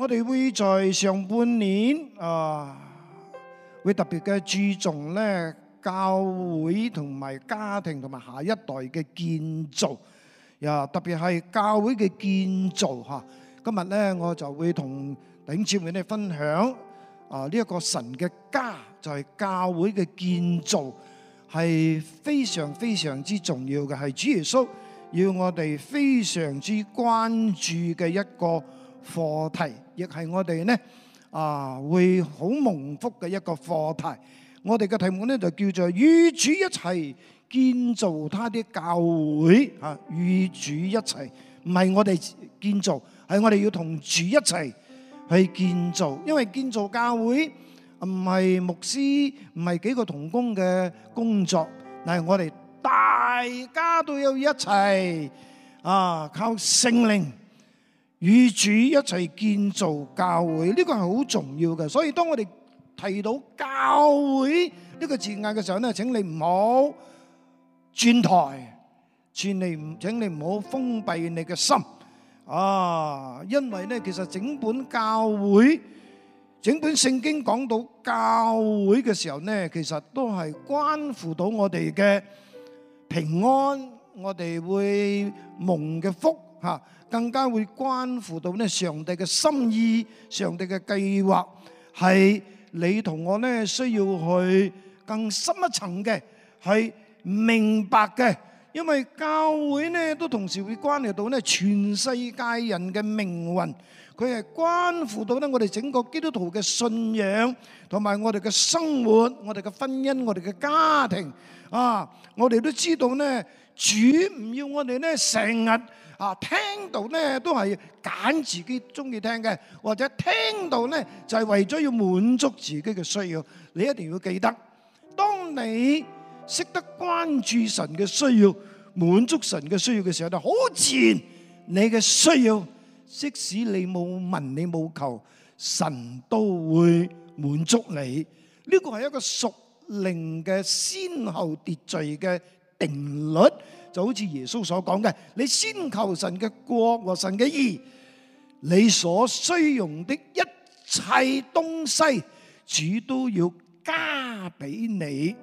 我哋會在上半年啊，會特別嘅注重咧教會同埋家庭同埋下一代嘅建造，啊特別係教會嘅建造嚇。今日咧，我就會同頂前面你分享啊，呢一個神嘅家就係教會嘅建造，係非常非常之重要嘅，係主耶穌要我哋非常之關注嘅一個。課題亦係我哋呢啊會好蒙福嘅一個課題。我哋嘅題目呢就叫做與主一齊建造他的教會啊！與主一齊，唔係我哋建造，係我哋要同主一齊去建造。因為建造教會唔係牧師，唔係幾個同工嘅工作，但係我哋大家都要一齊啊，靠聖靈。與主一齊建造教會，呢個係好重要嘅。所以當我哋提到教會呢個字眼嘅時候咧，請你唔好轉台，請你唔請你唔好封閉你嘅心啊！因為咧，其實整本教會、整本聖經講到教會嘅時候咧，其實都係關乎到我哋嘅平安，我哋會蒙嘅福吓。更加會關乎到咧上帝嘅心意、上帝嘅計劃，係你同我咧需要去更深一層嘅，係明白嘅。因為教會咧都同時會關係到咧全世界人嘅命運，佢係關乎到咧我哋整個基督徒嘅信仰，同埋我哋嘅生活、我哋嘅婚姻、我哋嘅家庭啊，我哋都知道咧，主唔要我哋咧成日。啊，聽到呢都係揀自己中意聽嘅，或者聽到呢就係、是、為咗要滿足自己嘅需要。你一定要記得，當你識得關注神嘅需要，滿足神嘅需要嘅時候，就好自然你嘅需要。即使你冇問，你冇求，神都會滿足你。呢、這個係一個屬靈嘅先後秩序嘅定律。就好似耶穌所講嘅，你先求神嘅國和神嘅義，你所需用的一切東西，主都要加俾你。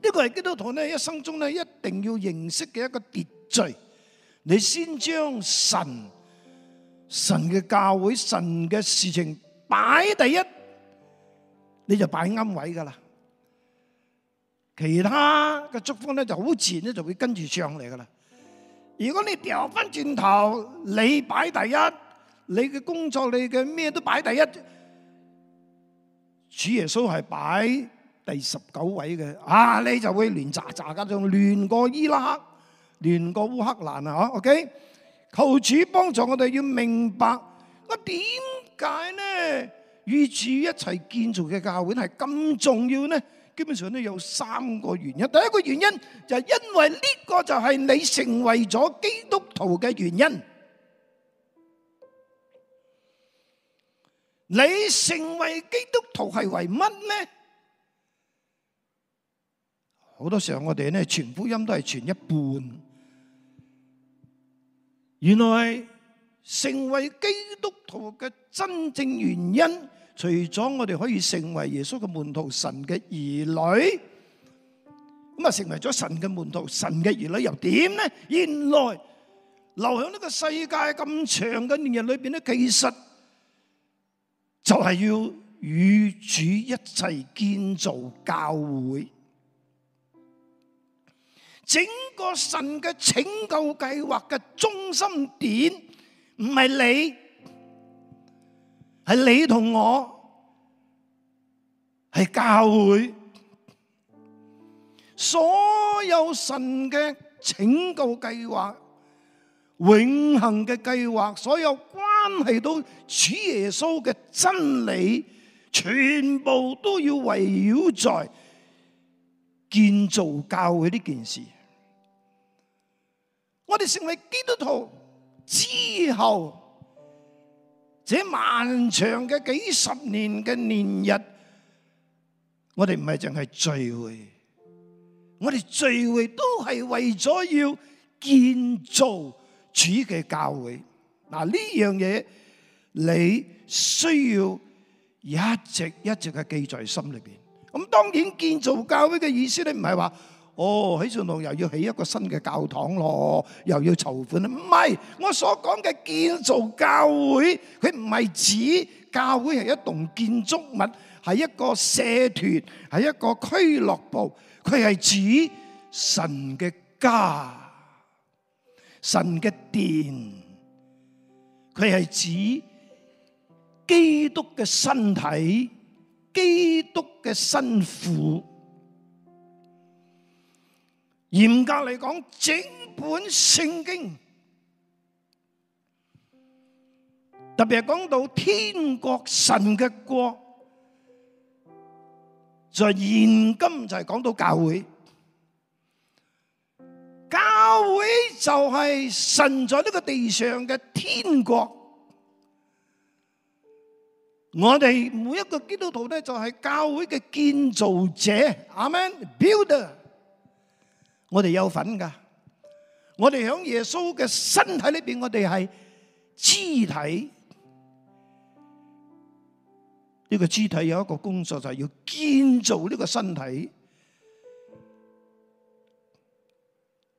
呢個係基督徒呢一生中呢一定要認識嘅一個秩序。你先將神、神嘅教會、神嘅事情擺第一，你就擺啱位噶啦。其他嘅祝福咧就好自然咧就會跟住上嚟噶啦。如果你掉翻轉頭，你擺第一，你嘅工作你嘅咩都擺第一，主耶穌係擺第十九位嘅，啊你就會亂雜雜噶，仲亂過伊拉克、亂過烏克蘭啊，吓，OK？求主幫助我哋要明白我點解咧與主一齊建造嘅教會係咁重要呢？基本上都有三個原因。第一個原因就係因為呢個，就係你成為咗基督徒嘅原因。你成為基督徒係為乜呢？好多時候我哋呢傳福音都係傳一半，原來成為基督徒嘅真正原因。除咗我哋可以成為耶穌嘅門徒、神嘅兒女，咁啊成為咗神嘅門徒、神嘅兒女又點呢？原來留喺呢個世界咁長嘅年日裏邊咧，其實就係要與主一齊建造教會。整個神嘅拯救計劃嘅中心點唔係你，係你同我。係教會所有神嘅拯救計劃、永恒嘅計劃，所有關係到主耶穌嘅真理，全部都要圍繞在建造教會呢件事。我哋成為基督徒之後，這漫長嘅幾十年嘅年日。我哋唔係淨係聚會，我哋聚會都係為咗要建造主嘅教會。嗱，呢樣嘢你需要一直一直嘅記在心裏邊。咁當然建造教會嘅意思呢，唔係話哦，喺上堂又要起一個新嘅教堂咯，又要籌款。唔係我所講嘅建造教會，佢唔係指教會係一棟建築物。係一個社團，係一個俱樂部，佢係指神嘅家，神嘅殿，佢係指基督嘅身體，基督嘅新婦。嚴格嚟講，整本聖經特別係講到天國、神嘅國。在現今就係講到教會，教會就係神在呢個地上嘅天國。我哋每一個基督徒咧，就係教會嘅建造者，阿門。Builder，我哋有份噶，我哋喺耶穌嘅身體裏邊，我哋係肢體。呢個肢體有一個工作，就係要建造呢個身體。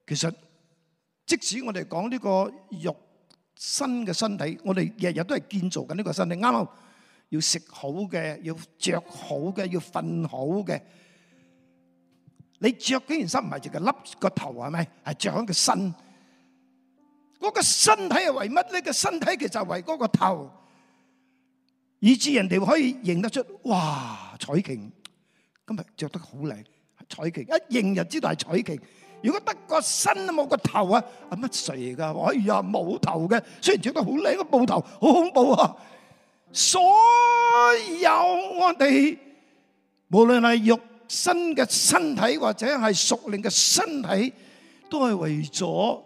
其實即使我哋講呢個肉身嘅身體，我哋日日都係建造緊呢個身體。啱啊，要食好嘅，要着好嘅，要瞓好嘅。你着幾件衫唔係淨係笠個頭係咪？係着緊個身。嗰個身體係為乜呢？個身體其實係為嗰個頭。以至人哋可以認得出，哇！彩瓊今日著得好靚，彩瓊一認就知道係彩瓊。如果得個身都冇個頭啊，係乜誰㗎？哎呀，冇頭嘅，雖然著得好靚，個布頭好恐怖啊！所有我哋，無論係肉身嘅身體或者係屬靈嘅身體，都係為咗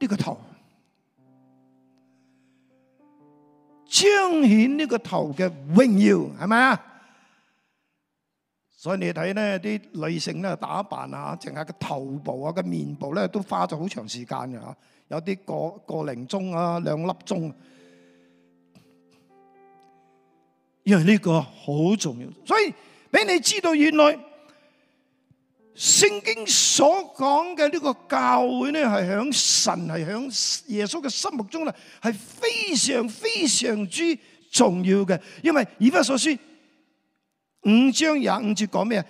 呢個頭。彰顯呢個頭嘅榮耀係咪啊？所以你睇呢啲女性咧，打扮啊，淨係個頭部啊、個面部咧，都花咗好長時間嘅吓，有啲個個零鐘啊、兩粒鐘，因為呢個好重要，所以俾你知道原來。聖經所講嘅呢個教會咧，係響神係響耶穌嘅心目中啦，係非常非常之重要嘅。因為以弗所書五章廿五節講咩啊？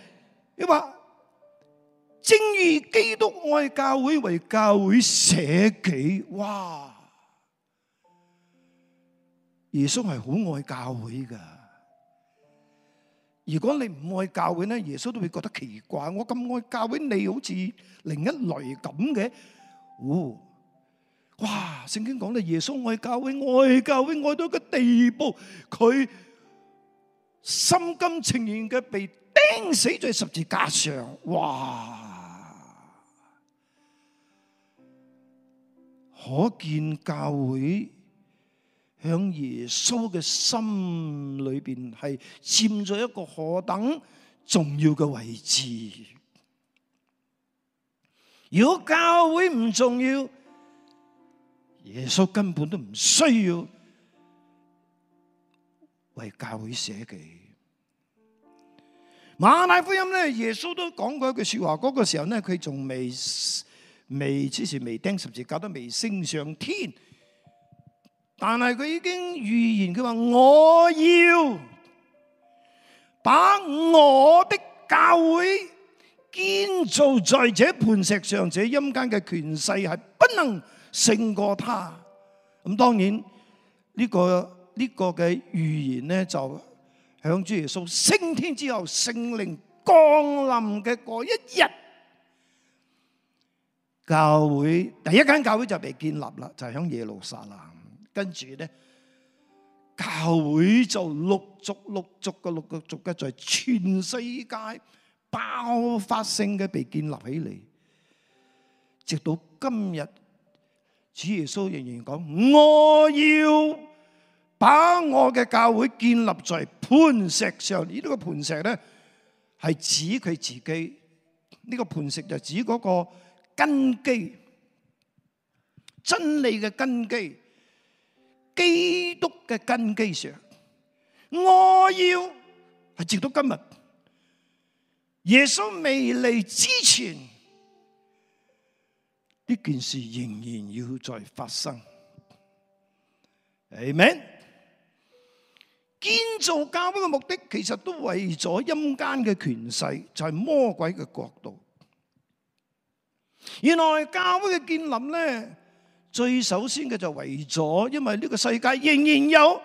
佢話正如基督愛教會，為教會捨己。哇！耶穌係好愛教會噶。如果你唔愛教會呢，耶穌都會覺得奇怪。我咁愛教會，你好似另一類咁嘅。哇！聖經講到耶穌愛教會，愛教會愛到一個地步，佢心甘情願嘅被釘死在十字架上。哇！可見教會。喺耶穌嘅心裏邊係佔咗一個何等重要嘅位置。如果教會唔重要，耶穌根本都唔需要為教會寫嘅。馬太福音咧，耶穌都講過一句說話，嗰個時候咧，佢仲未未，即是未釘十字架，都未升上天。但係佢已經預言，佢話，我要把我的教會建造在這磐石上，這陰間嘅權勢係不能勝過他。咁當然呢個呢個嘅預言呢，就響主耶穌升天之後，聖靈降臨嘅嗰一日，教會第一間教會就被建立啦，就係喺耶路撒冷。跟住咧，教會就陸續陸續嘅陸續續嘅，在全世界爆發性嘅被建立起嚟，直到今日，主耶穌仍然講：我要把我嘅教會建立在磐石上。呢個磐石咧，係指佢自己。呢個磐石就指嗰個根基，真理嘅根基。基督嘅根基上，我要係直到今日，耶穌未嚟之前，呢件事仍然要再發生。阿門，建造教會嘅目的其實都為咗陰間嘅權勢，就係魔鬼嘅國度。原來教會嘅建立咧，最首先嘅就為咗，因為呢個世界仍然有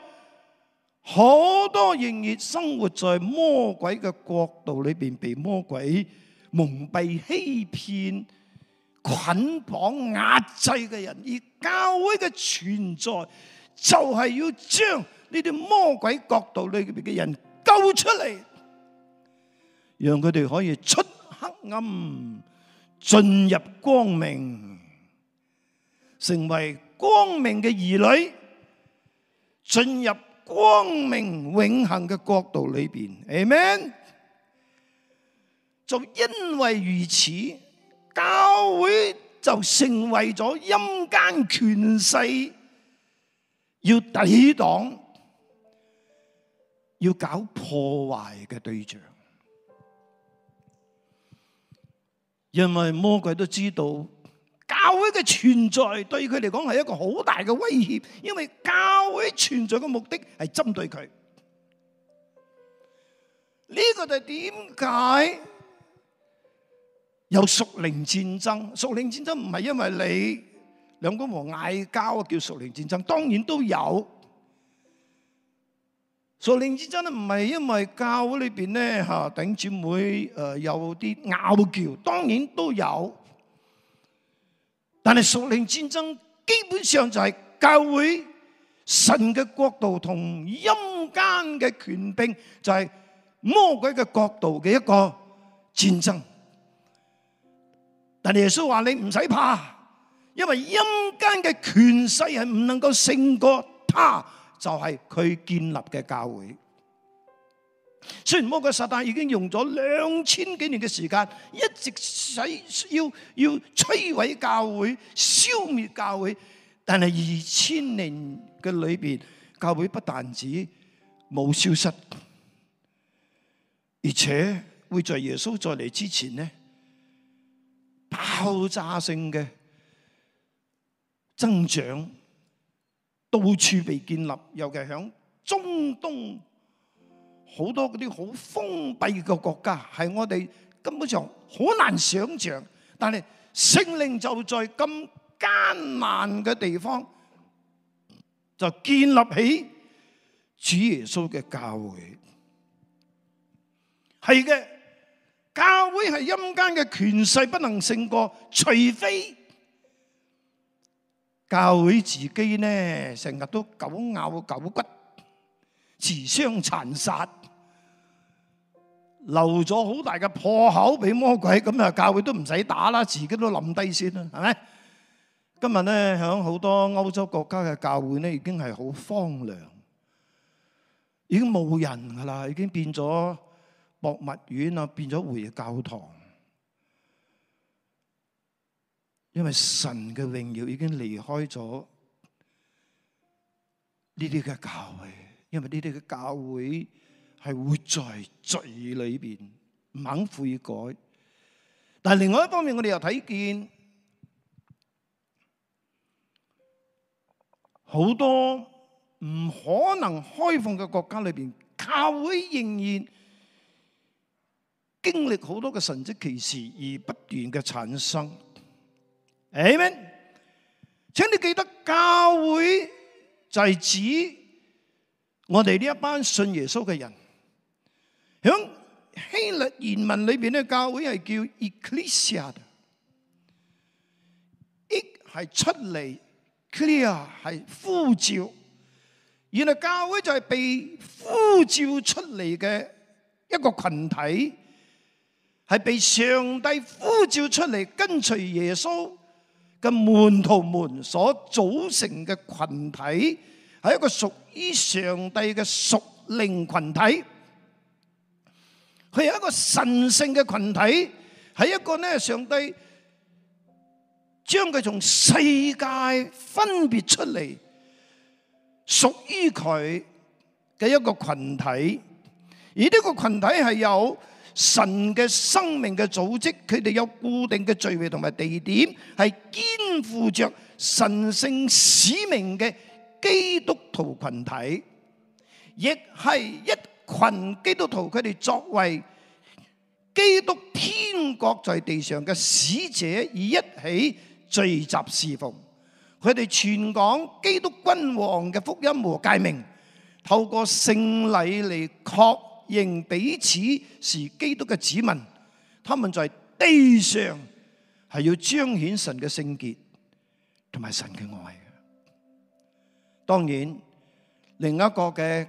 好多仍然生活在魔鬼嘅國度裏邊，被魔鬼蒙蔽、欺騙、捆綁、壓制嘅人，而教會嘅存在就係要將呢啲魔鬼國度裏邊嘅人救出嚟，讓佢哋可以出黑暗，進入光明。成為光明嘅兒女，進入光明永恒嘅國度裏邊，amen。就因為如此，教會就成為咗陰間權勢要抵擋、要搞破壞嘅對象，因為魔鬼都知道。教會嘅存在對佢嚟講係一個好大嘅威脅，因為教會存在嘅目的係針對佢。呢個就係點解有屬靈戰爭？屬靈戰爭唔係因為你兩公婆嗌交，叫屬靈戰爭，當然都有。屬靈戰爭唔係因為教會裏邊咧吓頂姊妹誒有啲拗撬，當然都有。但係屬靈戰爭基本上就係教會神嘅國度同陰間嘅權柄，就係魔鬼嘅國度嘅一個戰爭。但耶穌話你唔使怕，因為陰間嘅權勢係唔能夠勝過他，就係佢建立嘅教會。雖然魔鬼、撒旦已經用咗兩千幾年嘅時間，一直使要要摧毀教會、消滅教會，但係二千年嘅裏邊，教會不但止冇消失，而且會在耶穌再嚟之前呢，爆炸性嘅增長，到處被建立，尤其響中東。好多嗰啲好封閉嘅國家，係我哋根本上好難想像。但係聖靈就在咁艱難嘅地方，就建立起主耶穌嘅教會。係嘅，教會係陰間嘅權勢不能勝過，除非教會自己呢，成日都狗咬狗骨，自相殘殺。留咗好大嘅破口俾魔鬼，咁啊，教會都唔使打啦，自己都冧低先啦，係咪？今日咧響好多歐洲國家嘅教會咧，已經係好荒涼，已經冇人噶啦，已經變咗博物院啊，變咗回嘅教堂，因為神嘅榮耀已經離開咗呢啲嘅教會，因為呢啲嘅教會係活在罪裏邊，唔肯悔改。但係另外一方面，我哋又睇見好多唔可能開放嘅國家裏邊，教會仍然經歷好多嘅神迹奇事，而不斷嘅產生。阿門，請你記得，教會就係指我哋呢一班信耶穌嘅人。響希臘原文裏邊咧，教會係叫 Ecclesia，E 係出嚟，clear 係呼召。原來教會就係被呼召出嚟嘅一個群體，係被上帝呼召出嚟跟隨耶穌嘅門徒們所組成嘅群體，係一個屬於上帝嘅屬靈群體。佢係一個神聖嘅群體，係一個咧上帝將佢從世界分別出嚟，屬於佢嘅一個群體。而呢個群體係有神嘅生命嘅組織，佢哋有固定嘅聚會同埋地點，係肩負着神聖使命嘅基督徒群體，亦係一群基督徒佢哋作為基督天國在地上嘅使者，而一起聚集侍奉。佢哋傳講基督君王嘅福音和誡命，透過聖禮嚟確認彼此是基督嘅子民。他們在地上係要彰顯神嘅聖潔，同埋神嘅愛。當然，另一個嘅。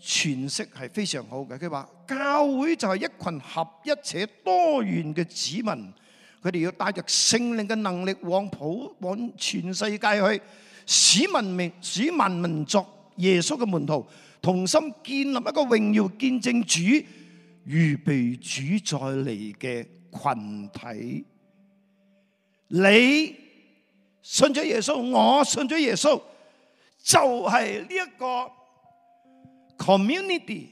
詮釋係非常好嘅，佢話教會就係一群合一且多元嘅子民，佢哋要帶着聖靈嘅能力往普往全世界去，使萬民、使萬民作耶穌嘅門徒，同心建立一個榮耀見證，主預備主再嚟嘅群體。你信咗耶穌，我信咗耶穌，就係呢一個。community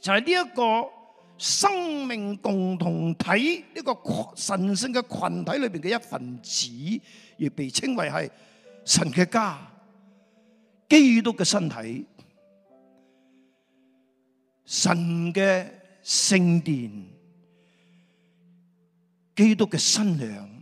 就係呢一個生命共同體，呢個神聖嘅群體裏邊嘅一份子，而被稱為係神嘅家、基督嘅身體、神嘅聖殿、基督嘅新娘。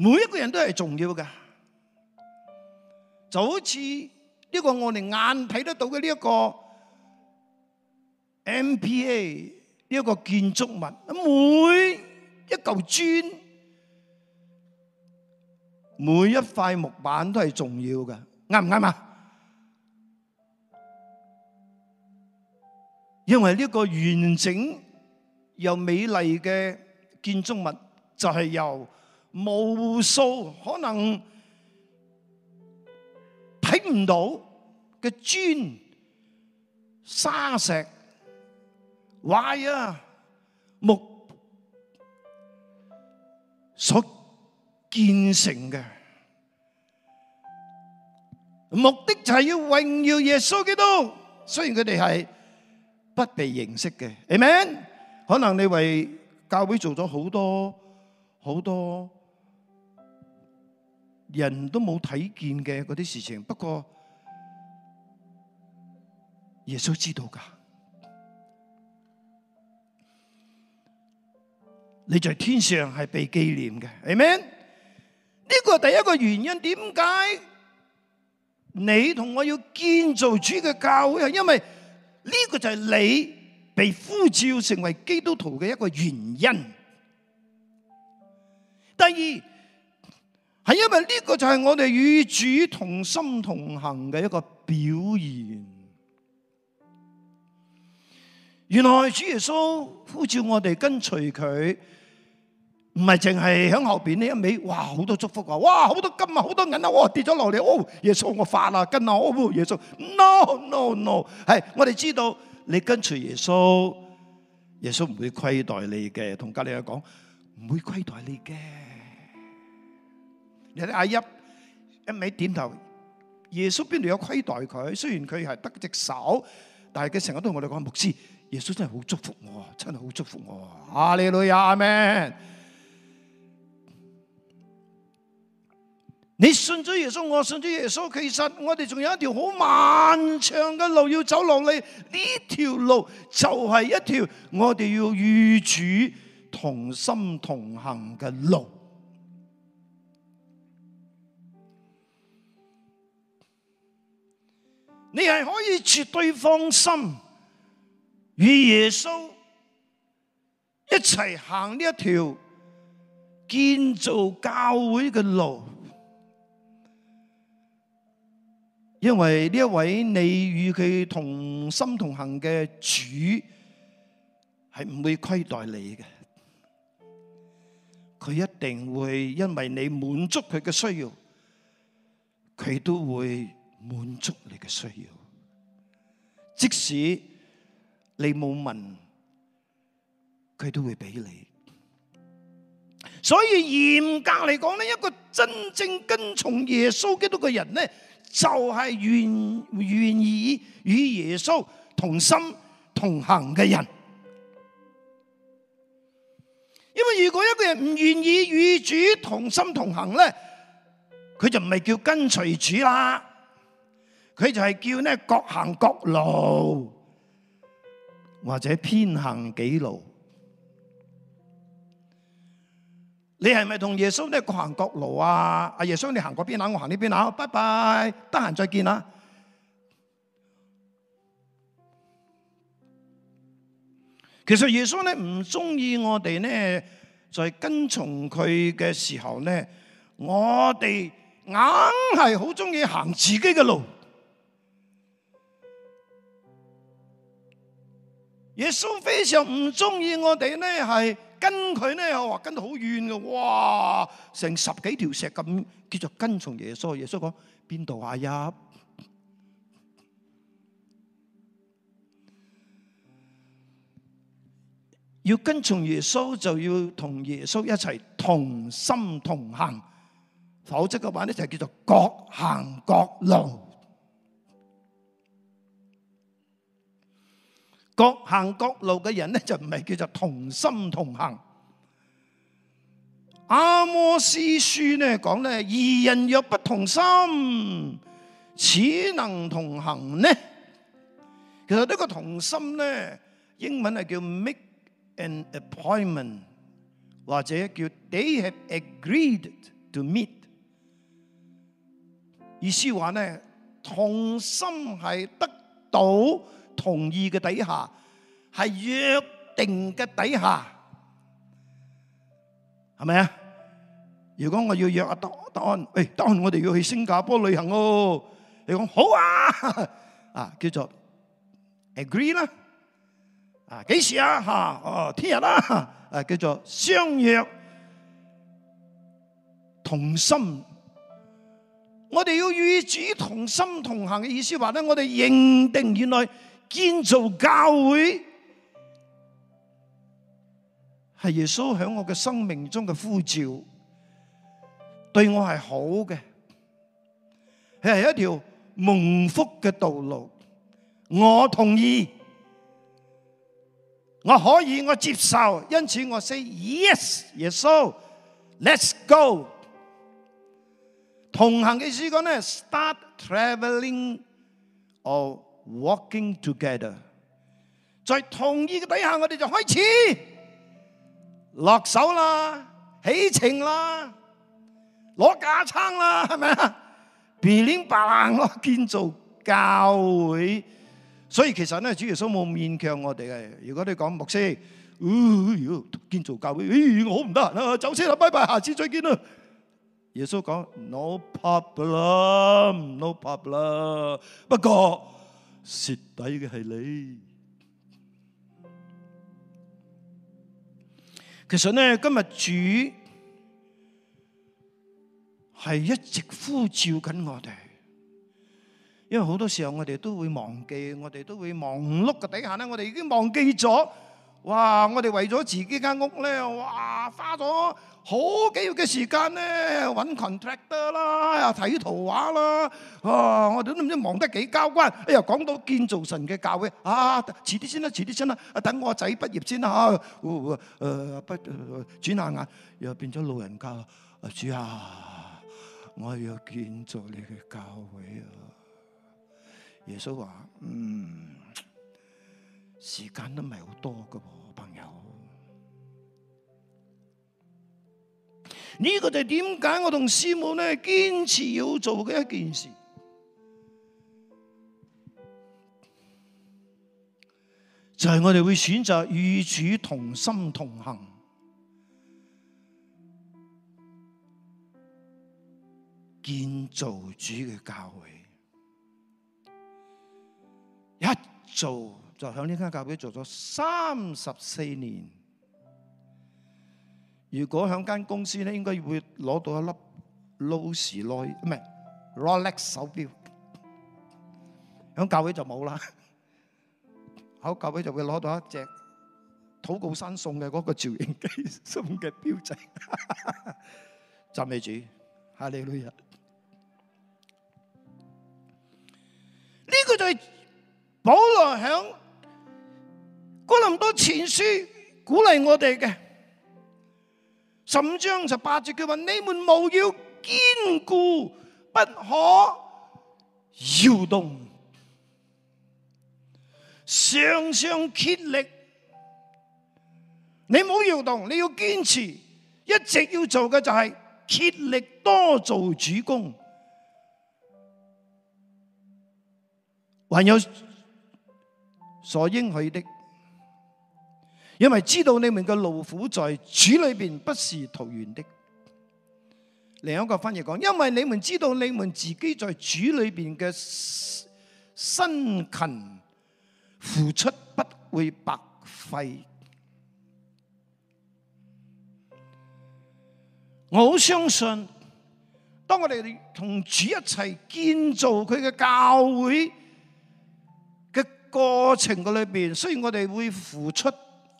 每一個人都係重要㗎，就好似呢個我哋眼睇得到嘅呢一個 MPA，呢一個建築物，每一嚿磚、每一塊木板都係重要㗎，啱唔啱啊？因為呢個完整又美麗嘅建築物就係由。無數可能睇唔到嘅磚、砂石、瓦呀、木，所建成嘅目的就係要榮耀耶穌基督，雖然佢哋係不被認識嘅，Amen。可能你為教會做咗好多好多。人都冇睇見嘅嗰啲事情，不過耶穌知道噶，你在天上係被紀念嘅，係咪？呢個第一個原因，點解你同我要建造主嘅教會，係因為呢個就係你被呼召成為基督徒嘅一個原因。第二。係因為呢個就係我哋與主同心同行嘅一個表現。原來主耶穌呼召我哋跟隨佢，唔係淨係響後邊呢一尾，哇好多祝福啊，哇好多金啊，好多銀啊，哇跌咗落嚟，哦耶穌我發啦，跟住我，哦耶穌 no no no 係我哋知道你跟隨耶穌，耶穌唔會虧待你嘅，同隔籬阿講唔會虧待你嘅。睇阿一一味點頭，耶穌邊度有虧待佢？雖然佢係得隻手，但係佢成日都同我哋講牧師，耶穌真係好祝福我，真係好祝福我。阿利路亞，阿門。你信咗耶穌，我信咗耶穌。其實我哋仲有一條好漫長嘅路要走落嚟，呢條路就係一條我哋要與主同心同行嘅路。你係可以絕對放心，與耶穌一齊行呢一條建造教會嘅路，因為呢一位你與佢同心同行嘅主，係唔會虧待你嘅，佢一定會因為你滿足佢嘅需要，佢都會。滿足你嘅需要，即使你冇問，佢都會俾你。所以嚴格嚟講呢，一個真正跟從耶穌基督嘅人呢，就係願願意與耶穌同心同行嘅人。因為如果一個人唔願意與主同心同行呢，佢就唔係叫跟隨主啦。佢就係叫咧，各行各路，或者偏行己路。你係咪同耶穌咧各行各路啊？阿耶穌，你行嗰邊啊，我行呢邊啊，拜拜，得閒再見啦。其實耶穌咧唔中意我哋咧，在、就是、跟從佢嘅時候呢，我哋硬係好中意行自己嘅路。耶穌非常唔中意我哋咧，係跟佢咧，又話跟到好遠嘅，哇，成十幾條石咁，叫做跟從耶穌。耶穌講邊度啊？要跟從耶穌就要同耶穌一齊同心同行，否則嘅話咧就叫做各行各路。各行各路嘅人咧就唔係叫做同心同行。阿摩司書咧講咧，二人若不同心，豈能同行呢？其實呢個同心咧，英文係叫 make an appointment 或者叫 they have agreed to meet。意思話咧，同心係得到，同意嘅底下，係約定嘅底下，係咪啊？如果我要約阿丹，喂，丹，我哋要去新加坡旅行喎。你講好啊，啊，叫做 agree 啦。啊，幾時啊？吓，哦，聽日啦。誒，叫做相約同心。我哋要與主同心同行嘅意思話咧，我哋認定原來。建造教會係耶穌響我嘅生命中嘅呼召，對我係好嘅，佢係一條蒙福嘅道路，我同意，我可以，我接受，因此我寫 yes，耶穌，let's go，同行嘅時光呢，start traveling，哦。Walking together，在同意嘅底下，我哋就開始落手啦，起程啦，攞架撐啦，係咪啊？bling bling 咯，建造教會。所以其實咧，主耶穌冇勉強我哋嘅。如果你講牧師，哦，要建造教會，咦，我好唔得啊，走先啦，拜拜，下次再見啦。耶穌講：No problem，No problem。不過。蝕底嘅係你。其實呢，今日主係一直呼召緊我哋，因為好多時候我哋都會忘記，我哋都會忙碌嘅底下呢，我哋已經忘記咗。哇！我哋為咗自己間屋呢，哇，花咗。好幾月嘅時間咧，揾 contractor 啦，睇圖畫啦，啊！我哋都唔知忙得幾交關。哎呀，講到建造神嘅教會，啊！遲啲先啦，遲啲先啦，啊！等我仔畢業先啦嚇。誒，不轉下眼又變咗老人家。阿主啊，我要建造你嘅教會啊！耶穌話：嗯，時間都唔係好多㗎喎，朋友。呢個就係點解我同師母咧堅持要做嘅一件事，就係我哋會選擇與主同心同行，建造主嘅教會，一做就響呢間教會做咗三十四年。如果喺間公司咧，應該會攞到一粒 Louis Lo 唔係 Rolex 手錶，喺教會就冇啦。好，教會就會攞到一隻，禱告山送嘅嗰個趙應基送嘅錶仔。讚美主，哈利路亞。呢個就係保羅喺哥林多前書鼓勵我哋嘅。十五章十八節佢話：你們務要堅固，不可搖動，常常竭力。你唔好搖動，你要堅持，一直要做嘅就係竭力多做主工，還有所應許的。因為知道你們嘅勞苦在主裏邊不是徒然的。另一個翻譯講，因為你們知道你們自己在主裏邊嘅辛勤付出不會白費。我好相信，當我哋同主一齊建造佢嘅教會嘅過程裏邊，雖然我哋會付出，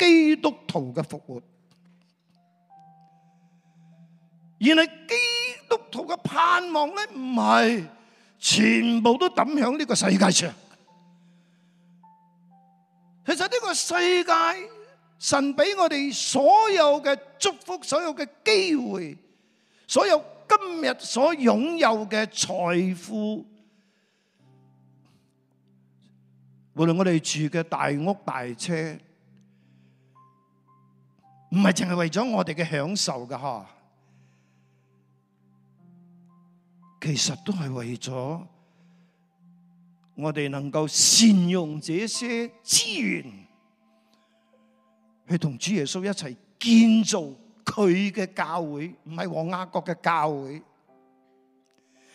基督徒嘅復活，原來基督徒嘅盼望咧，唔係全部都抌響呢個世界上。其實呢個世界，神俾我哋所有嘅祝福，所有嘅機會，所有今日所擁有嘅財富，無論我哋住嘅大屋大車。唔係淨係為咗我哋嘅享受噶吓，其實都係為咗我哋能夠善用這些資源，去同主耶穌一齊建造佢嘅教會，唔係黃亞國嘅教會，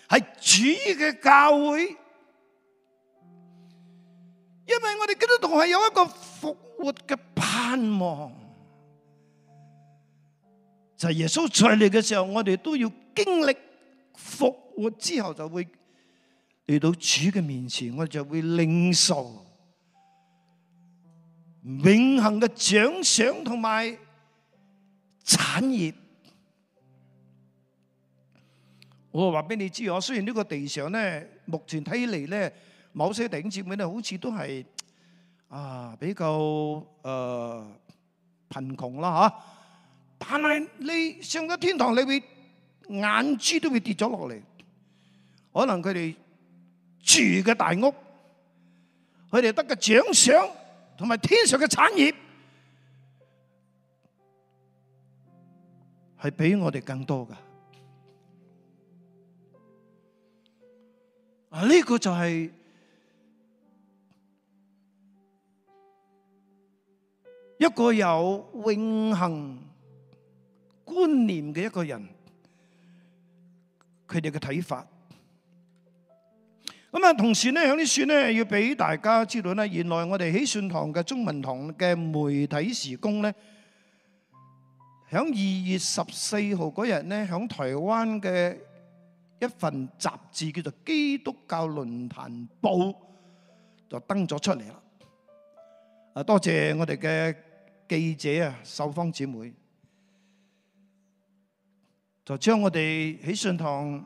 係主嘅教會，因為我哋基督徒係有一個復活嘅盼望。係耶穌在嚟嘅時候，我哋都要經歷復活之後，就會嚟到主嘅面前，我哋就會領受永恆嘅獎賞同埋產業。我話俾你知，我雖然呢個地上咧，目前睇起嚟咧，某些頂尖嘅咧，好似都係啊比較誒貧窮啦，吓。但係你上咗天堂，你會眼珠都會跌咗落嚟。可能佢哋住嘅大屋，佢哋得嘅獎賞同埋天上嘅產業，係比我哋更多噶。啊，呢個就係一個有永恆觀念嘅一個人，佢哋嘅睇法。咁啊，同時咧，響啲書咧要俾大家知道咧，原來我哋喜信堂嘅中文堂嘅媒體時工咧，響二月十四號嗰日咧，響台灣嘅一份雜誌叫做《基督教論壇報》就登咗出嚟啦。啊，多謝我哋嘅記者啊，秀芳姊妹。就將我哋喜信堂，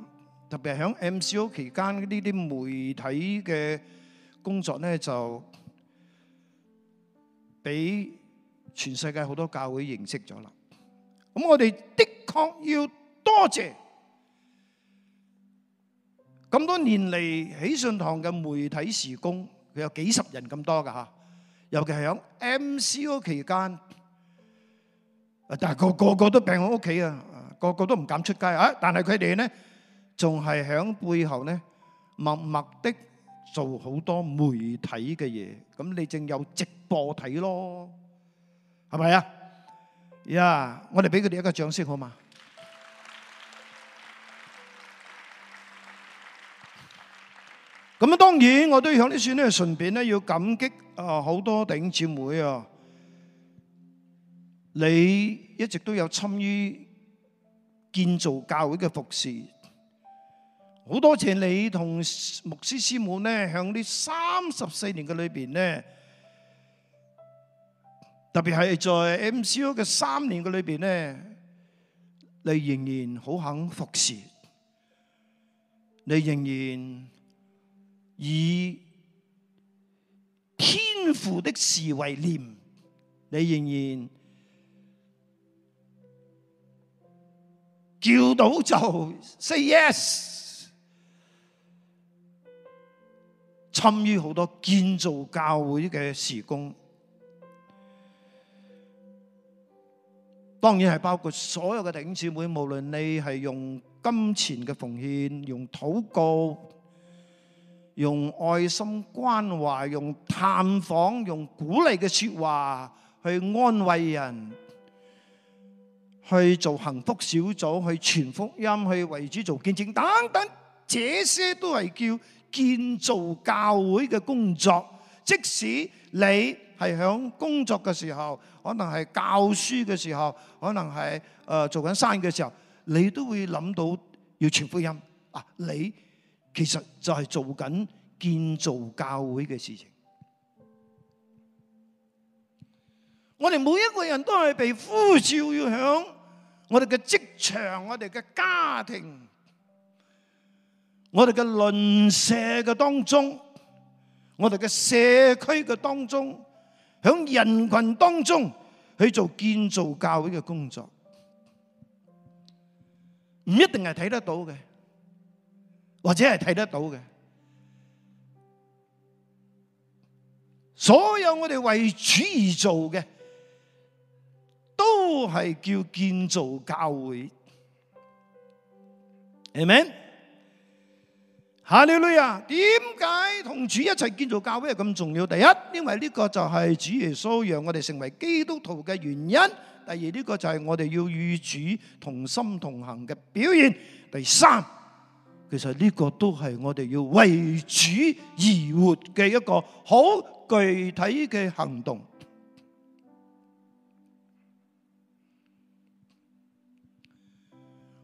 特別喺 MCO 期間呢啲媒體嘅工作咧，就俾全世界好多教會認識咗啦。咁我哋的確要多謝咁多年嚟，喜信堂嘅媒體事工，佢有幾十人咁多噶吓。尤其係喺 MCO 期間，大個個個都病喺屋企啊。個個都唔敢出街啊！但係佢哋咧，仲係喺背後咧，默默的做好多媒體嘅嘢。咁你淨有直播睇咯，係咪啊？呀，我哋俾佢哋一個掌聲好嘛？咁啊，當然我都要向啲先咧，順便咧要感激啊，好多頂姐妹啊，你一直都有參與。建造教會嘅服侍，好多謝你同牧師師母咧，響呢三十四年嘅裏邊咧，特別係在 MCO 嘅三年嘅裏邊咧，你仍然好肯服侍，你仍然以天父的事為念，你仍然。叫到就 say yes，參與好多建造教會嘅事工，當然係包括所有嘅弟兄姊妹，無論你係用金錢嘅奉獻，用禱告，用愛心關懷，用探訪，用鼓勵嘅說話去安慰人。去做幸福小組，去傳福音，去為主做見證，等等，這些都係叫建造教會嘅工作。即使你係響工作嘅時候，可能係教書嘅時候，可能係誒做緊生意嘅時候，你都會諗到要傳福音啊！你其實就係做緊建造教會嘅事情。我哋每一個人都係被呼召要響。我哋嘅職場，我哋嘅家庭，我哋嘅鄰舍嘅當中，我哋嘅社區嘅當中，喺人群當中去做建造教會嘅工作，唔一定係睇得到嘅，或者係睇得到嘅，所有我哋為主而做嘅。都係叫建造教會，係咪？下列女啊，點解同主一齊建造教會係咁重要？第一，因為呢個就係主耶穌讓我哋成為基督徒嘅原因；第二，呢個就係我哋要與主同心同行嘅表現；第三，其實呢個都係我哋要為主而活嘅一個好具體嘅行動。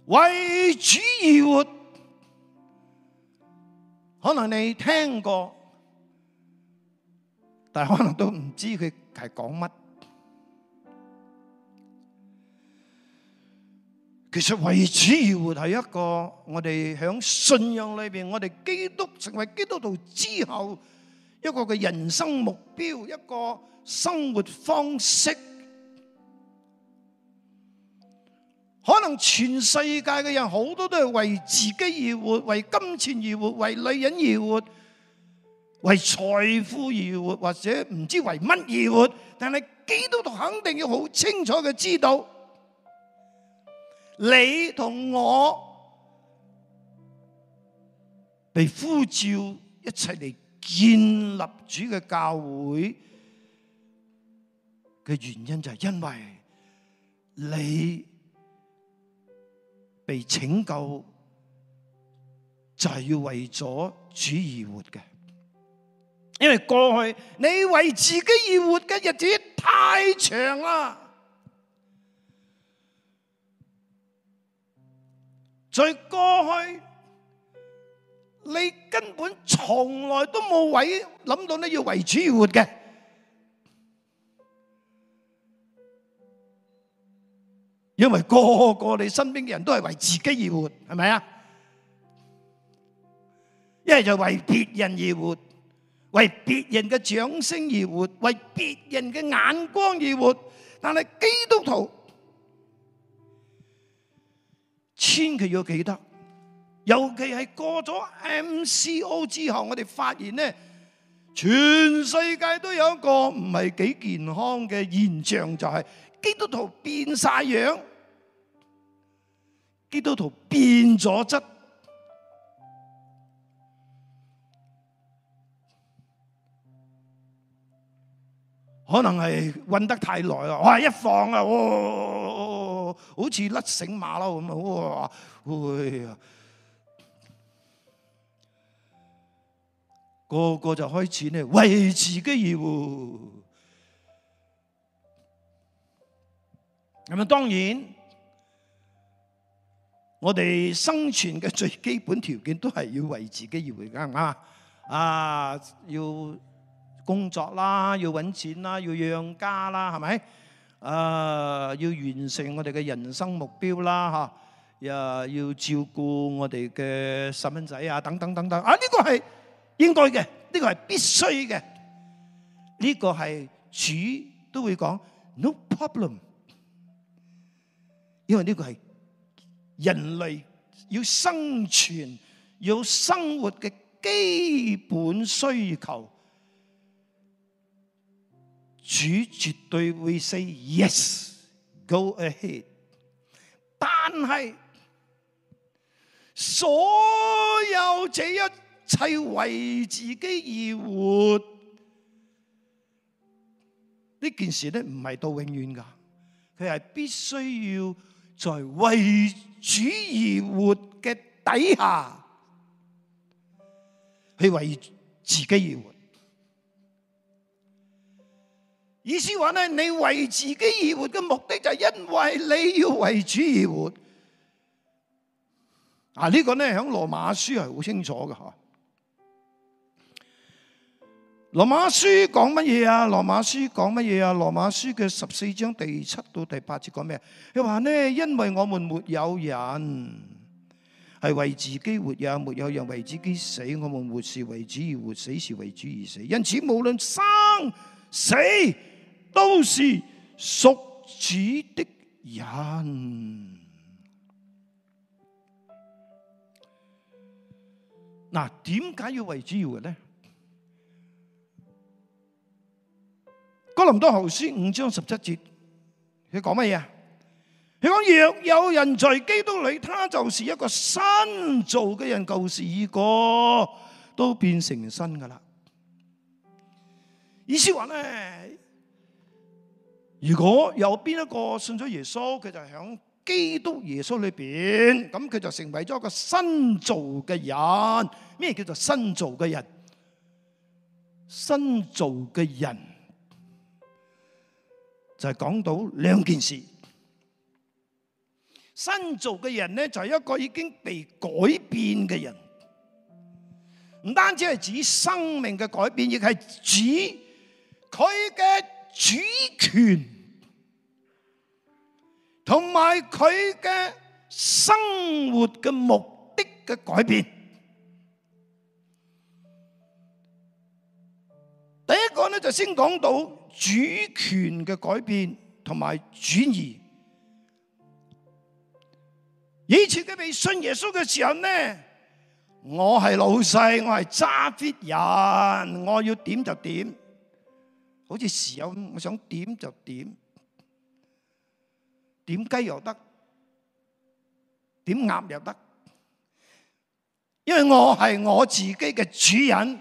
為主而活，可能你聽過，但係可能都唔知佢係講乜。其實為主而活係一個我哋響信仰裏邊，我哋基督成為基督徒之後一個嘅人生目標，一個生活方式。可能全世界嘅人好多都係為自己而活，為金錢而活，為女人而活，為財富而活，或者唔知為乜而活。但係基督徒肯定要好清楚嘅知道，你同我被呼召一齊嚟建立主嘅教會嘅原因，就係因為你。被拯救就係、是、要為咗主而活嘅，因為過去你為自己而活嘅日子太長啦，在過去你根本從來都冇為諗到你要為主而活嘅。因為個個你身邊嘅人都係為自己而活，係咪啊？一係就為別人而活，為別人嘅掌聲而活，為別人嘅眼光而活。但係基督徒千祈要記得，尤其係過咗 MCO 之後，我哋發現咧，全世界都有一個唔係幾健康嘅現象，就係。基督徒變晒樣，基督徒變咗質，可能係混得太耐啦。哇！一放啊，哇，好似甩繩馬騮咁啊，哇，個個就開始咧維持嘅要。咁啊，當然我哋生存嘅最基本條件都係要為自己而活啊！啊，要工作啦，要揾錢啦，要養家啦，係咪？啊，要完成我哋嘅人生目標啦嚇，又、啊、要照顧我哋嘅細蚊仔啊，等等等等啊！呢、這個係應該嘅，呢、這個係必須嘅，呢、這個係主都會講 No problem。因為呢個係人類要生存、要生活嘅基本需求，主絕對會 say yes，go ahead。但係所有這一切為自己而活呢件事呢，唔係到永遠噶，佢係必須要。在為主而活嘅底下，去為自己而活。意思話咧，你為自己而活嘅目的就係因為你要為主而活。啊，呢個咧喺羅馬書係好清楚㗎吓。羅馬書講乜嘢啊？羅馬書講乜嘢啊？羅馬書嘅十四章第七到第八節講咩？佢話呢，因為我們沒有人係為自己活，也沒有人為自己死，我們活是為主而活，死是為主而死，因此無論生死都是屬主的人。嗱、啊，點解要為主要活呢？哥林多後書五章十七節，佢講乜嘢啊？佢講若有人在基督裏，他就是一個新造嘅人，舊事已過，都變成新噶啦。意思話咧，如果有邊一個信咗耶穌，佢就喺基督耶穌裏邊，咁佢就成為咗一個新造嘅人。咩叫做新造嘅人？新造嘅人。就係講到兩件事，新造嘅人呢，就係一個已經被改變嘅人，唔單止係指生命嘅改變，亦係指佢嘅主權，同埋佢嘅生活嘅目的嘅改變。第一個呢，就先講到。主權嘅改變同埋轉移，以前佢未信耶穌嘅時候呢，我係老細，我係揸 fit 人，我要點就點，好似時友咁，我想點就點，點雞又得，點鴨又得，因為我係我自己嘅主人。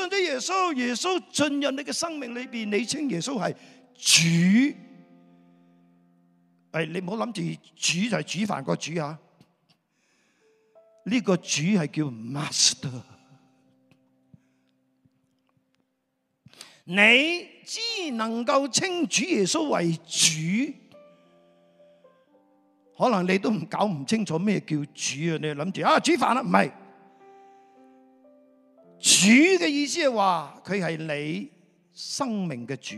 信咗耶穌，耶穌進入你嘅生命裏邊，你稱耶穌係主，係、哎、你唔好諗住主就係煮飯個主啊！呢個主係叫 master，你只能夠稱主耶穌為主，可能你都唔搞唔清楚咩叫主啊！你諗住啊煮飯啦，唔係。主嘅意思係話佢係你生命嘅主，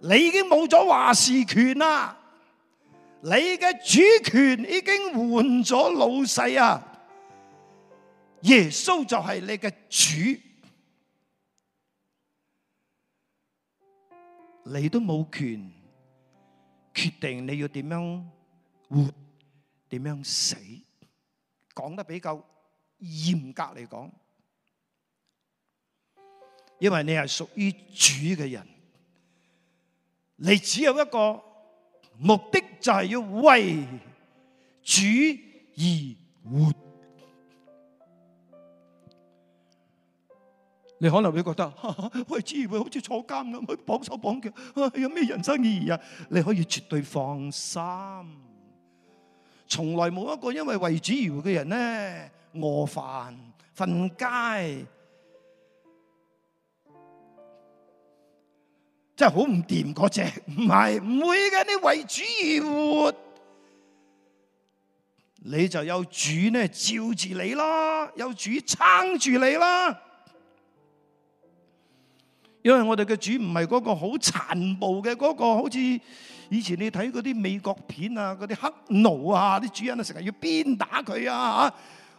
你已經冇咗話事權啦，你嘅主權已經換咗老細啊，耶穌就係你嘅主，你都冇權決定你要點樣活，點樣死，講得比較。嚴格嚟講，因為你係屬於主嘅人，你只有一個目的，就係要為主而活。你可能會覺得為主好似坐監咁去綁手綁腳，啊、有咩人生意義啊？你可以絕對放心，從來冇一個因為為主而活嘅人呢。餓飯、瞓街，真係好唔掂嗰隻，唔係，唔會嘅。你為主而活，你就有主呢照住你啦，有主撐住你啦。因為我哋嘅主唔係嗰個好殘暴嘅，那個，嗰個好似以前你睇嗰啲美國片啊，嗰啲黑奴啊，啲主人啊，成日要鞭打佢啊吓。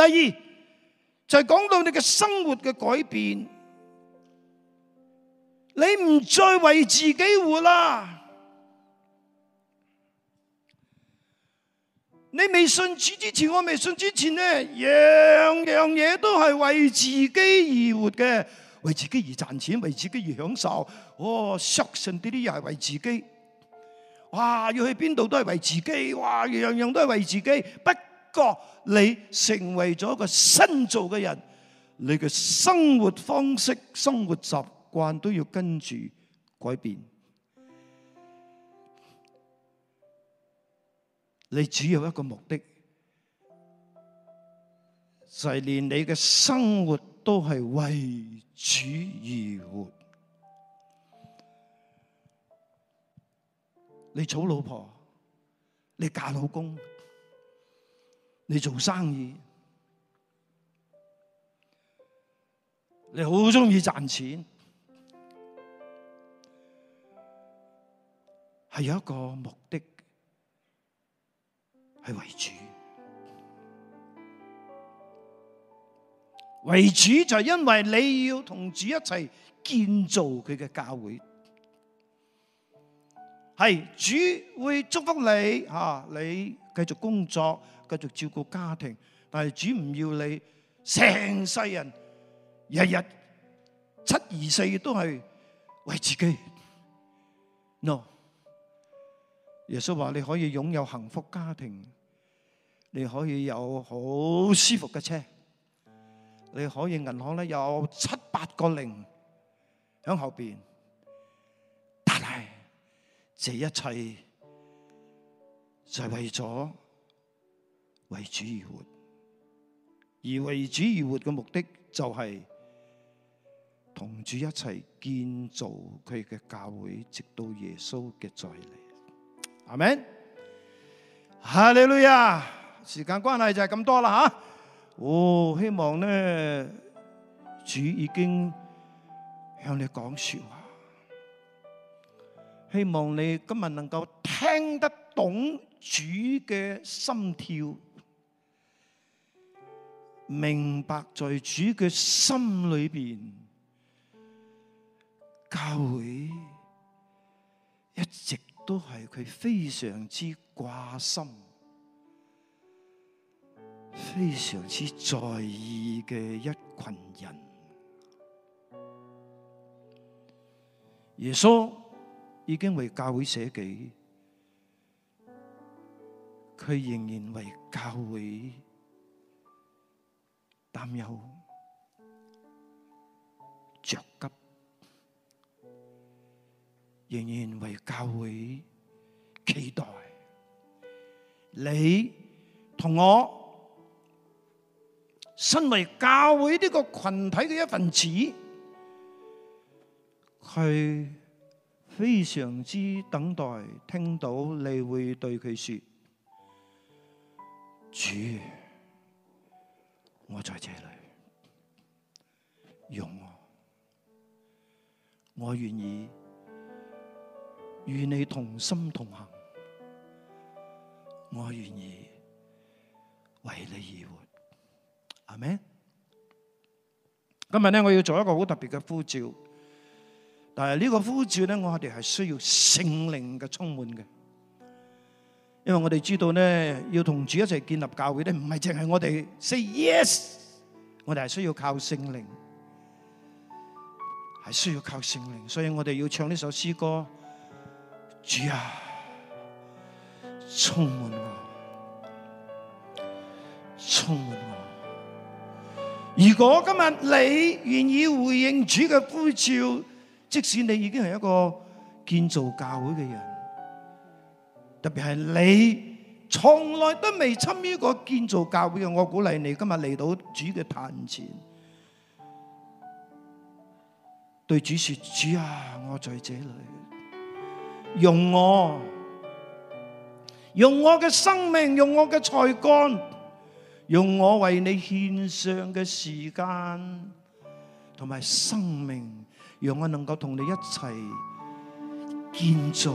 第二就係講到你嘅生活嘅改變，你唔再為自己活啦。你未信主之前，我未信之前咧，樣樣嘢都係為自己而活嘅，為自己而賺錢，為自己而享受。我相信啲啲嘢係為自己，哇！要去邊度都係為自己，哇！樣樣都係為自己，不。個，你成為咗一個新造嘅人，你嘅生活方式、生活習慣都要跟住改變。你只有一個目的，就係連你嘅生活都係為主而活。你娶老婆，你嫁老公。你做生意，你好中意賺錢，係有一個目的係為主，為主就係因為你要同主一齊建造佢嘅教會，係主會祝福你吓、啊、你，繼續工作，繼續照顧家庭，但係主唔要你成世人日日七二四都係為自己。No，耶穌話你可以擁有幸福家庭，你可以有好舒服嘅車，你可以銀行咧有七八個零響後邊，但係這一切。就係為咗為主而活，而為主而活嘅目的就係同主一齊建造佢嘅教會，直到耶穌嘅再嚟。阿們，哈利路亞！時間關係就係咁多啦吓、哦。我希望呢主已經向你講說話，希望你今日能夠聽得懂。主嘅心跳，明白在主嘅心裏邊，教會一直都係佢非常之掛心、非常之在意嘅一群人。耶穌已經為教會捨己。佢仍然為教會擔憂，着急，仍然為教會期待。你同我身為教會呢個群體嘅一份子，佢非常之等待聽到你會對佢說。主，我在這裏，用我，我願意與你同心同行，我願意為你而活，係咪？今日咧，我要做一個好特別嘅呼召，但係呢個呼召咧，我哋係需要聖靈嘅充滿嘅。因為我哋知道咧，要同主一齊建立教會咧，唔係淨係我哋 say yes，我哋係需要靠聖靈，係需要靠聖靈，所以我哋要唱呢首詩歌。主啊，充滿我，充滿我。如果今日你願意回應主嘅呼召，即使你已經係一個建造教會嘅人。特別係你從來都未參與過建造教會嘅，我鼓勵你今日嚟到主嘅壇前，對主說：主啊，我在這裏，用我，用我嘅生命，用我嘅才幹，用我為你獻上嘅時間同埋生命，讓我能夠同你一齊建造。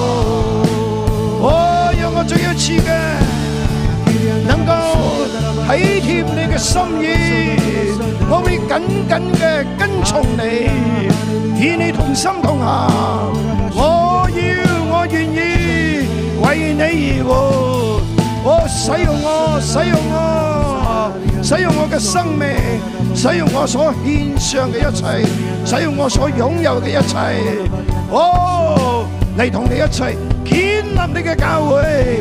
我再一次嘅，能夠體貼你嘅心意，我會緊緊嘅跟從你，與你同心同行。我要，我願意為你而活。我使用我，使用我，使用我嘅生命，使用我所獻上嘅一切，使用我所擁有嘅一切。哦。嚟同你一齊建立你嘅教會，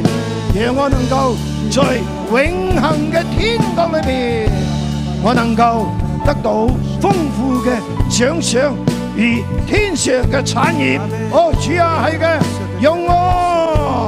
讓我能夠在永恒嘅天國裏面，我能夠得到豐富嘅獎賞與天上嘅產業。的哦，主啊，係嘅，讓我。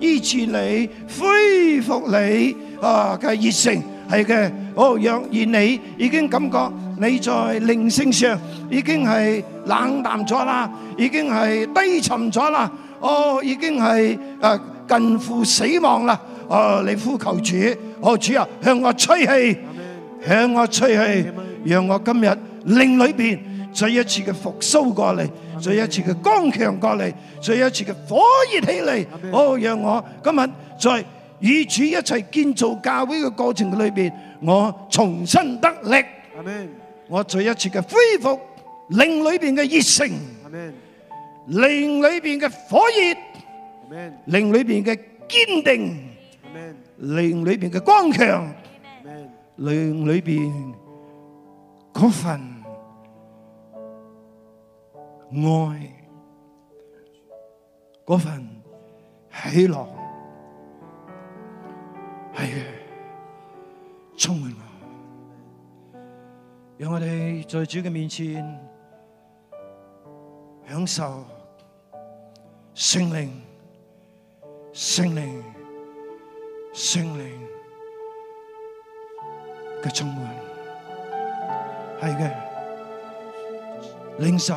醫治你、恢復你啊嘅熱誠，係嘅哦。若然你已經感覺你在靈性上已經係冷淡咗啦，已經係低沉咗啦，哦，已經係誒近乎死亡啦。哦，你呼求主，哦主啊，向我吹氣，向我吹氣，讓我今日靈裡邊再一次嘅復甦過嚟，再一次嘅剛強過嚟，再一次嘅火熱起嚟，哦！讓我今日在與主一齊建造教會嘅過程嘅裏邊，我重新得力。阿門！我再一次嘅恢復，令裏邊嘅熱誠，阿門！令裏邊嘅火熱，阿門！令裏邊嘅堅定，阿門！令裏邊嘅光強，阿門！令裏邊嗰份。愛嗰份喜樂係嘅，充滿了，讓我哋在主嘅面前享受聖靈、聖靈、聖靈嘅充滿，係嘅，領受。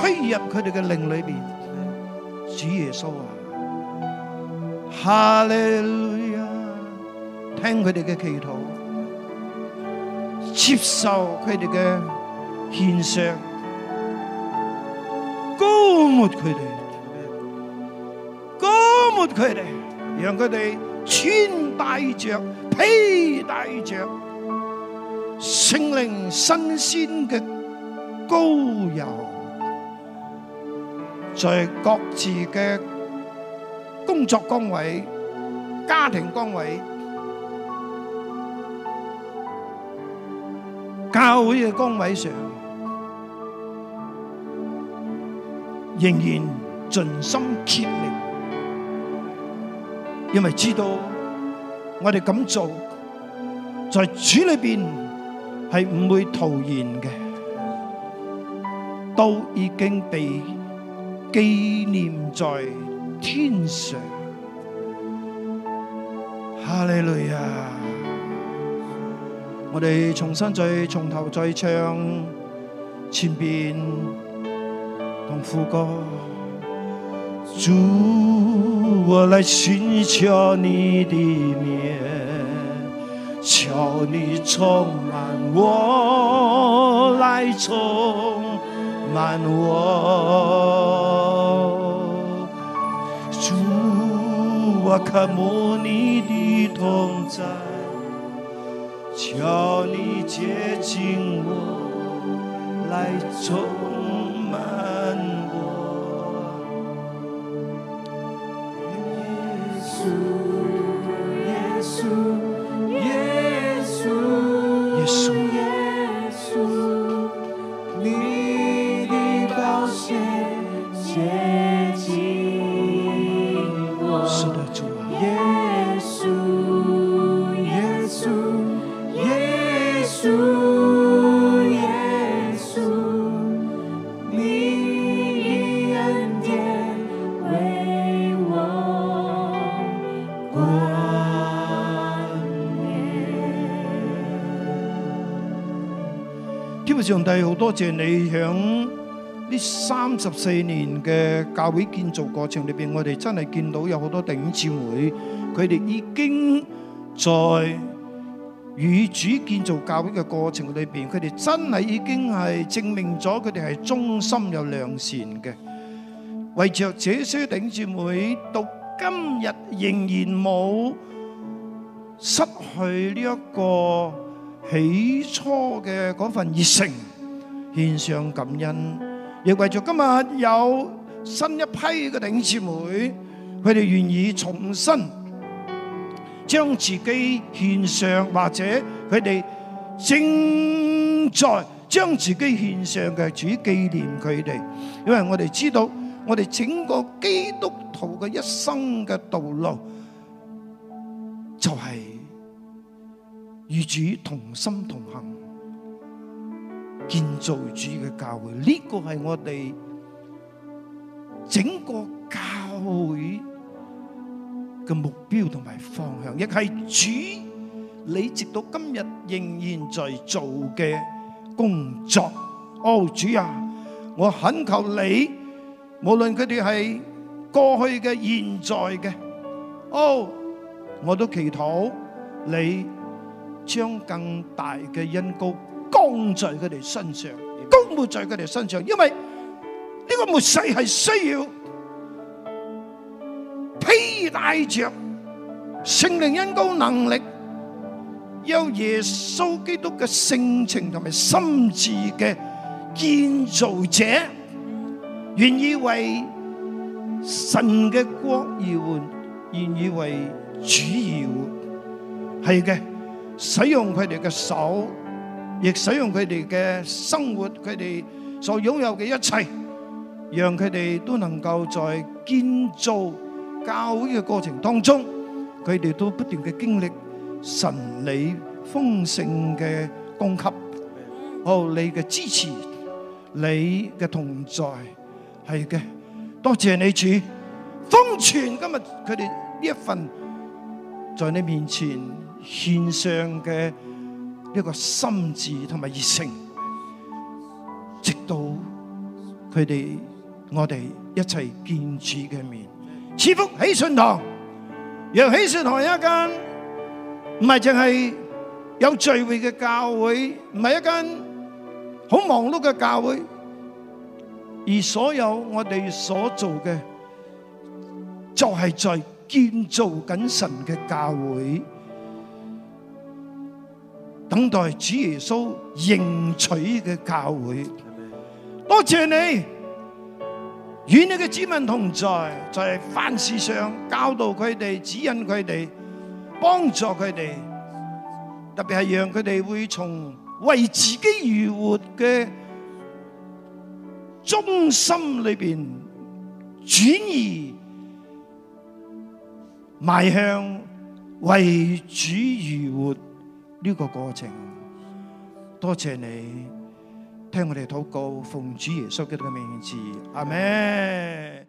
推入佢哋嘅靈裏邊，主耶穌啊，哈利路亞！聽佢哋嘅祈禱，接受佢哋嘅獻上，膏抹佢哋，膏抹佢哋，讓佢哋穿戴着、披戴着聖靈新鮮嘅膏油。在各自嘅工作崗位、家庭崗位、教會嘅崗位上，仍然盡心竭力，因為知道我哋咁做，在主裏面係唔會徒然嘅，都已經被。紀念在天上，哈利路亞，啊！我哋重新再從頭再唱前邊同副歌。主，我來尋求你的面，求你充滿我來從。慢我，主啊，看摸你的同在，叫你接近我來從。上帝好多謝你響呢三十四年嘅教會建造過程裏邊，我哋真係見到有好多頂姊妹，佢哋已經在與主建造教會嘅過程裏邊，佢哋真係已經係證明咗佢哋係忠心又良善嘅。為着這些頂姊妹，到今日仍然冇失去呢一個。起初嘅嗰份熱誠獻上感恩，亦為咗今日有新一批嘅頂姊妹，佢哋願意重新將自己獻上，或者佢哋正在將自己獻上嘅主紀念佢哋，因為我哋知道我哋整個基督徒嘅一生嘅道路就係，與主同心同行，建造主嘅教會，呢個係我哋整個教會嘅目標同埋方向，亦係主你直到今日仍然在做嘅工作。哦，主啊，我懇求你，無論佢哋係過去嘅、現在嘅，哦，我都祈禱你。將更大嘅恩膏降在佢哋身上，降滿在佢哋身上，因為呢個末世係需要披戴着聖靈恩膏能力，有耶穌基督嘅性情同埋心智嘅建造者，願意為神嘅國而活，願意為主而活，係嘅。使用佢哋嘅手，亦使用佢哋嘅生活，佢哋所擁有嘅一切，讓佢哋都能夠在建造教會嘅過程當中，佢哋都不斷嘅經歷神你豐盛嘅供給，好，你嘅支持，你嘅同在，係嘅，多謝你主，封存今日佢哋呢一份在你面前。獻上嘅一個心志同埋熱誠，直到佢哋我哋一齊見主嘅面。祈福喜信堂，若喜信堂一間唔係淨係有聚會嘅教會，唔係一間好忙碌嘅教會，而所有我哋所做嘅就係在建造緊神嘅教會。等待主耶穌迎娶嘅教會，多謝你與你嘅子民同在，就係凡事上教導佢哋、指引佢哋、幫助佢哋，特別係讓佢哋會從為自己而活嘅忠心裏邊轉移，邁向為主而活。呢個過程，多謝你聽我哋禱告，奉主耶穌嘅名字，阿們。